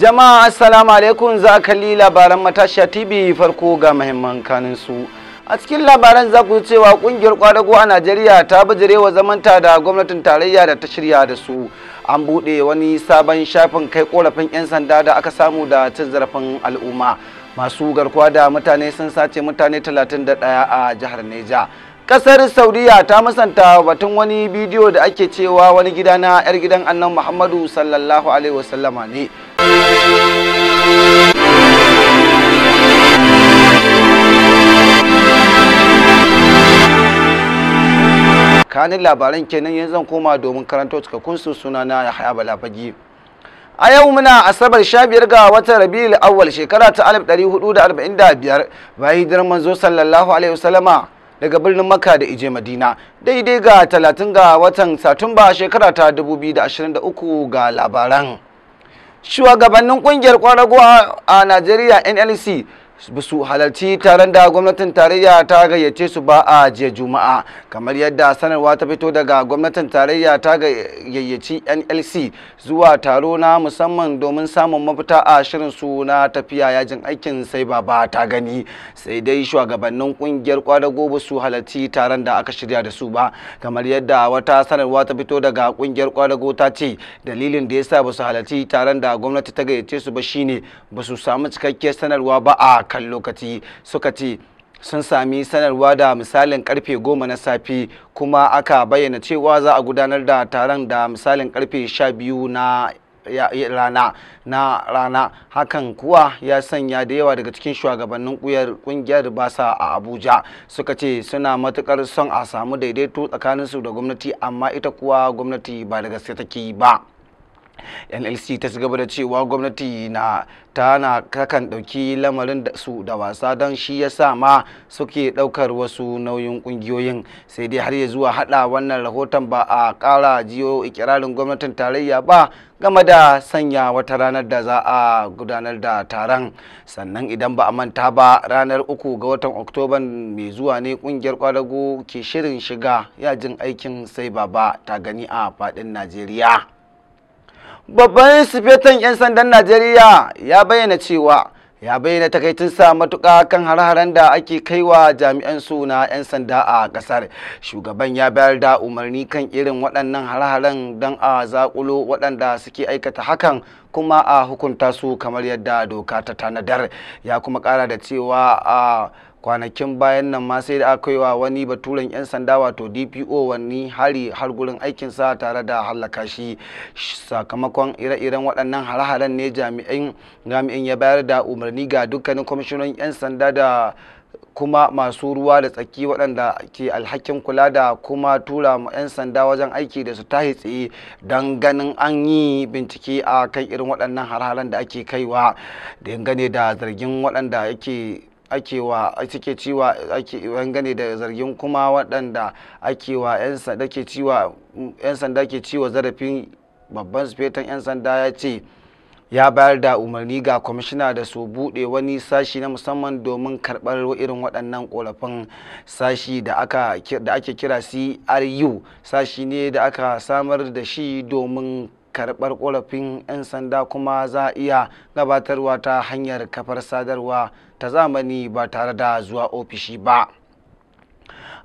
Jama'a assalamu alaikum za kalli labaran matashiya TV farko ga muhimman kanin su. A cikin labaran za ku cewa kungiyar kwadago a Najeriya ta bijirewa zamanta da gwamnatin tarayya da ta shirya da su. An buɗe wani sabon shafin kai korafin 'yan sanda da aka samu da cin zarafin al'umma. Masu garkuwa da mutane sun sace mutane 31 a jihar Neja. kasar saudiya ta musanta batun wani bidiyo da ake cewa wani gida na 'yar gidan annan muhammadu sallallahu alaihi wasallama ne kanin labaran kenan yanzu zan koma domin karanto cikakkun su suna na Yahaya Balafagi. A yau muna Asabar 15 ga watan Rabiul Awwal shekara ta 1445 bayan hijirar manzo sallallahu alaihi wasallama daga birnin maka da Ije Madina daidai ga 30 ga watan Satumba shekara ta 2023 ga labaran. Shugabannin kungiyar kwarago a Najeriya NLC Basu su halarci taron da gwamnatin tarayya ta gayyace su ba a jiya juma'a kamar yadda sanarwa ta fito daga gwamnatin tarayya ta gayyaci nlc zuwa taro na musamman domin samun mafita a shirin su na tafiya yajin aikin sai ba ba ta gani sai dai shugabannin kungiyar kwadago ba su halarci taron da aka shirya da su ba kamar yadda wata sanarwa ta fito daga kungiyar kwadago ta ce dalilin da yasa ba su halarci taron da gwamnati ta gayyace su ba shine ba su samu cikakkiyar sanarwa ba a kan lokaci suka ce sun sami sanarwa da misalin karfe goma na safe kuma aka bayyana cewa za a gudanar da taron da misalin karfe sha biyu na rana na rana hakan kuwa ya sanya da yawa daga cikin shugabannin kungiyar basa a abuja suka ce suna matukar son a samu daidaito tsakaninsu da gwamnati amma ita kuwa gwamnati ba da gaske take ba nlc ta cigaba da cewa gwamnati na tana kakan dauki lamarin da su da wasa don shi ya sa ma suke daukar wasu nauyin kungiyoyin sai dai har ya zuwa haɗa wannan rahoton ba a kara jiyo ikirarin gwamnatin tarayya ba game da sanya wata ranar da za a gudanar da taron sannan idan ba a manta ba ranar uku ga watan oktoban mai zuwa ne kungiyar kwadago ke shirin shiga yajin aikin sai baba ta gani a fadin najeriya babban sifetan 'yan sandan najeriya ya bayyana cewa ya bayyana sa matuƙa kan har-haren da ake kaiwa jami'an suna 'yan sanda a ƙasar shugaban ya bayar da umarni kan irin waɗannan har-haren don a zaƙulo waɗanda suke aikata hakan kuma a hukunta su kamar yadda doka ta tanadar ya kuma ƙara da cewa a kwanakin bayan nan ma sai da aka yi wa wani baturen 'yan sanda wato dpo wani hari har gurin aikinsa tare da hallaka shi sakamakon ire-iren waɗannan hare-haren ne jami'in ya bayar da umarni ga dukkanin kwamishinan 'yan sanda da kuma masu ruwa da tsaki waɗanda ke alhakin kula da kuma tura 'yan sanda wajen aiki da su tahi tsaye don ganin an yi bincike a kan irin waɗannan har-haren da ake kaiwa dangane da zargin waɗanda yake ake wa suke ciwa ake dangane da zargin kuma waɗanda ake wa 'yan sanda ke ciwa zarafin babban sufetan 'yan sanda ya ce ya bayar da umarni ga kwamishina da su buɗe wani sashi na musamman domin karɓar irin waɗannan ƙorafin sashi da ake kira cru sashi ne da aka samar da shi domin karɓar korafin 'yan sanda kuma za a iya gabatarwa ta hanyar kafar sadarwa ta zamani ba tare da zuwa ofishi ba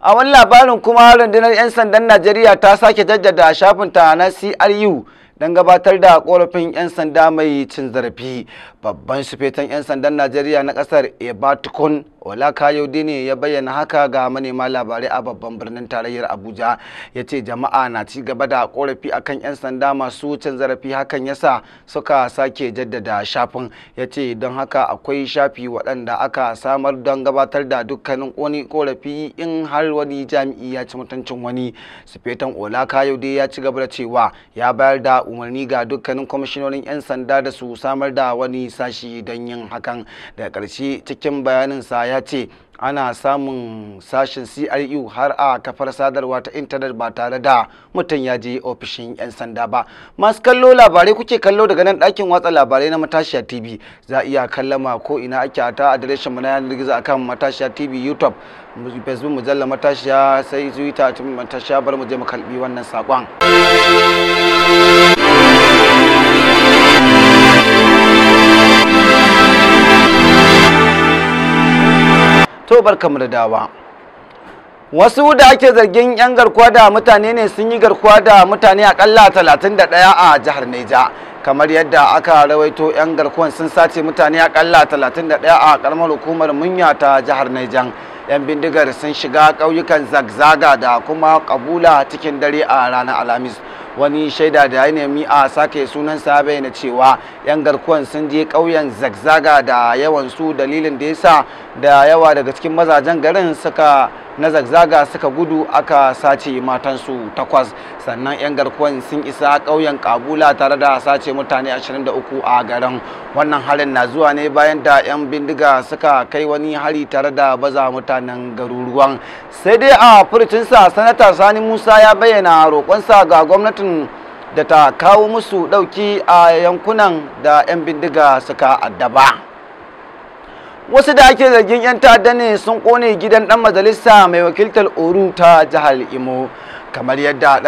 a wani labarin kuma rundunar 'yan sandan najeriya ta sake jaddada shafinta na cru don gabatar da korafin 'yan sanda mai cin zarafi babban sufetan 'yan sandan najeriya na kasar ebatukun wala ne ya bayyana haka ga manema labarai a babban birnin tarayyar abuja ya ce jama'a na ci gaba da korafi akan 'yan sanda masu cin zarafi hakan yasa suka sake jaddada shafin ya ce don haka akwai shafi waɗanda aka samar don gabatar da dukkanin wani korafi in har wani jami'i ya ci mutuncin wani sufetan ola kayode ya ci gaba da cewa ya bayar da umarni ga dukkanin kwamishinorin 'yan sanda da su samar da wani sashi don yin hakan da ƙarshe cikin bayanin sa ya ya ce ana samun sashen CRU har a kafar sadarwa ta intanet ba tare da mutum ya je ofishin 'yan sanda ba. Masu kallo labarai kuke kallo daga nan ɗakin watsa labarai na Matashiya TV za iya kallama ko ina ake a ta adireshin mu na yanar gizo akan Matashiya TV YouTube, Facebook mujallar Matashiya sai Twitter Matashiya bar mu je mu kalbi wannan saƙon. to barkamu da dawa wasu da ake zargin 'yan garkuwa da mutane ne sun yi garkuwa da mutane akalla 31 a jihar neja kamar yadda aka rawaito 'yan garkuwan sun sace mutane akalla 31 a karamar hukumar munya ta jihar neja 'yan bindigar sun shiga ƙauyukan zagzaga da kuma kabula cikin dare a ranar alhamis wani shaida da ya nemi a sake sunan sunansa bayyana cewa 'yan garkuwan sun je ƙauyen zagzaga da yawan su dalilin da yasa da yawa daga cikin mazajen garin suka na zagzaga suka gudu aka sace matan su takwas sannan 'yan garkuwan sun isa ƙauyen kabula tare da sace mutane 23 a garin wannan halin na zuwa ne bayan da 'yan bindiga suka kai wani hari tare da baza mutanen garuruwan sai dai a furcinsa sanata sani musa ya bayyana roƙonsa ga gwamnatin mutum da ta kawo musu ɗauki a yankunan da 'yan bindiga suka addaba wasu da ake zargin 'yan ta'adda ne sun kone gidan ɗan majalisa mai wakiltar oru ta jihar imo kamar yadda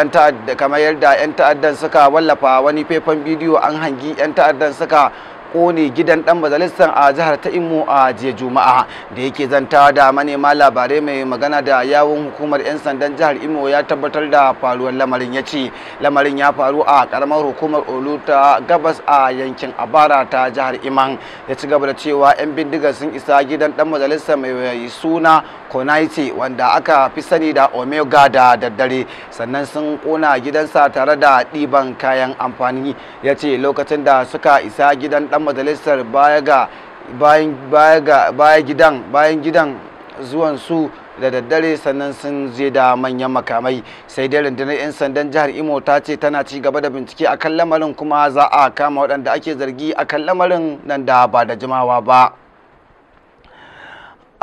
kamar yadda 'yan ta'addan suka wallafa wani faifan bidiyo an hangi 'yan ta'addan suka ƙone gidan ɗan majalisar a jihar ta Imo a jiya Juma'a da yake zanta da manema labarai mai magana da yawun hukumar 'yan sandan jihar Imo ya tabbatar da faruwar lamarin ya ce lamarin ya faru a karamar hukumar Olu ta gabas a yankin Abara ta jihar Iman ya ci gaba da cewa 'yan bindiga sun isa gidan ɗan majalisar mai suna Konaiti wanda aka fi sani da Omega da daddare sannan sun kona gidansa tare da ɗiban kayan amfani ya ce lokacin da suka isa gidan dan majalisar baya gidan bayan gidan zuwan su da daddare sannan sun je da manyan makamai sai dai rundunar 'yan sandan jihar imo ta ce tana ci gaba da bincike a kan lamarin kuma za a kama waɗanda ake zargi a kan lamarin nan da ba da jimawa ba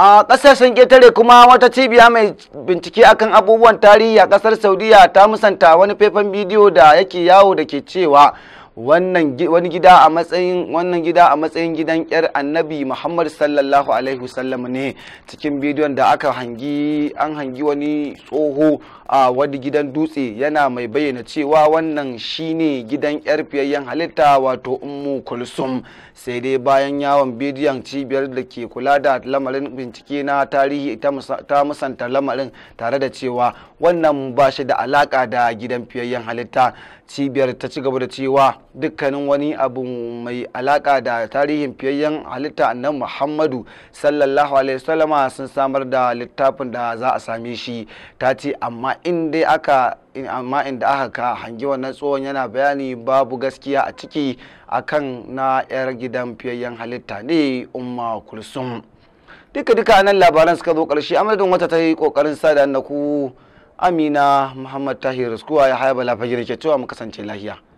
a sun ƙetare kuma wata cibiya mai bincike akan abubuwan tarihi a ƙasar saudiya ta musanta wani faifan bidiyo da yake yawo da ke cewa wannan gida a matsayin gidan kyar annabi muhammad sallallahu alaihi wasallam ne cikin bidiyon da aka hangi an hangi wani tsoho a wani gidan dutse yana mai bayyana cewa wannan shine gidan yar fiyayyen halitta wato ummu kulsum sai dai bayan yawon bidiyon cibiyar da ke kula da lamarin bincike na tarihi ta musanta lamarin tare da cewa wannan ba shi da alaka da gidan fiyayyen halitta cibiyar ta ci gaba da cewa dukkanin wani abu mai alaka da tarihin fiyayyen halitta na muhammadu sallallahu alaihi wasallama sun samar da littafin da za a same shi ta ce amma inda aka amma inda aka ka hangi wannan tsohon yana bayani babu gaskiya a ciki akan na 'yar gidan fiyayyen halitta ne umma kulsum duka-duka nan labaran suka zo ƙarshe amadadin wata ta yi ƙoƙarin sa da ku amina muhammad tahir skuwa ya haya bala fagir ke cewa mu kasance lahiya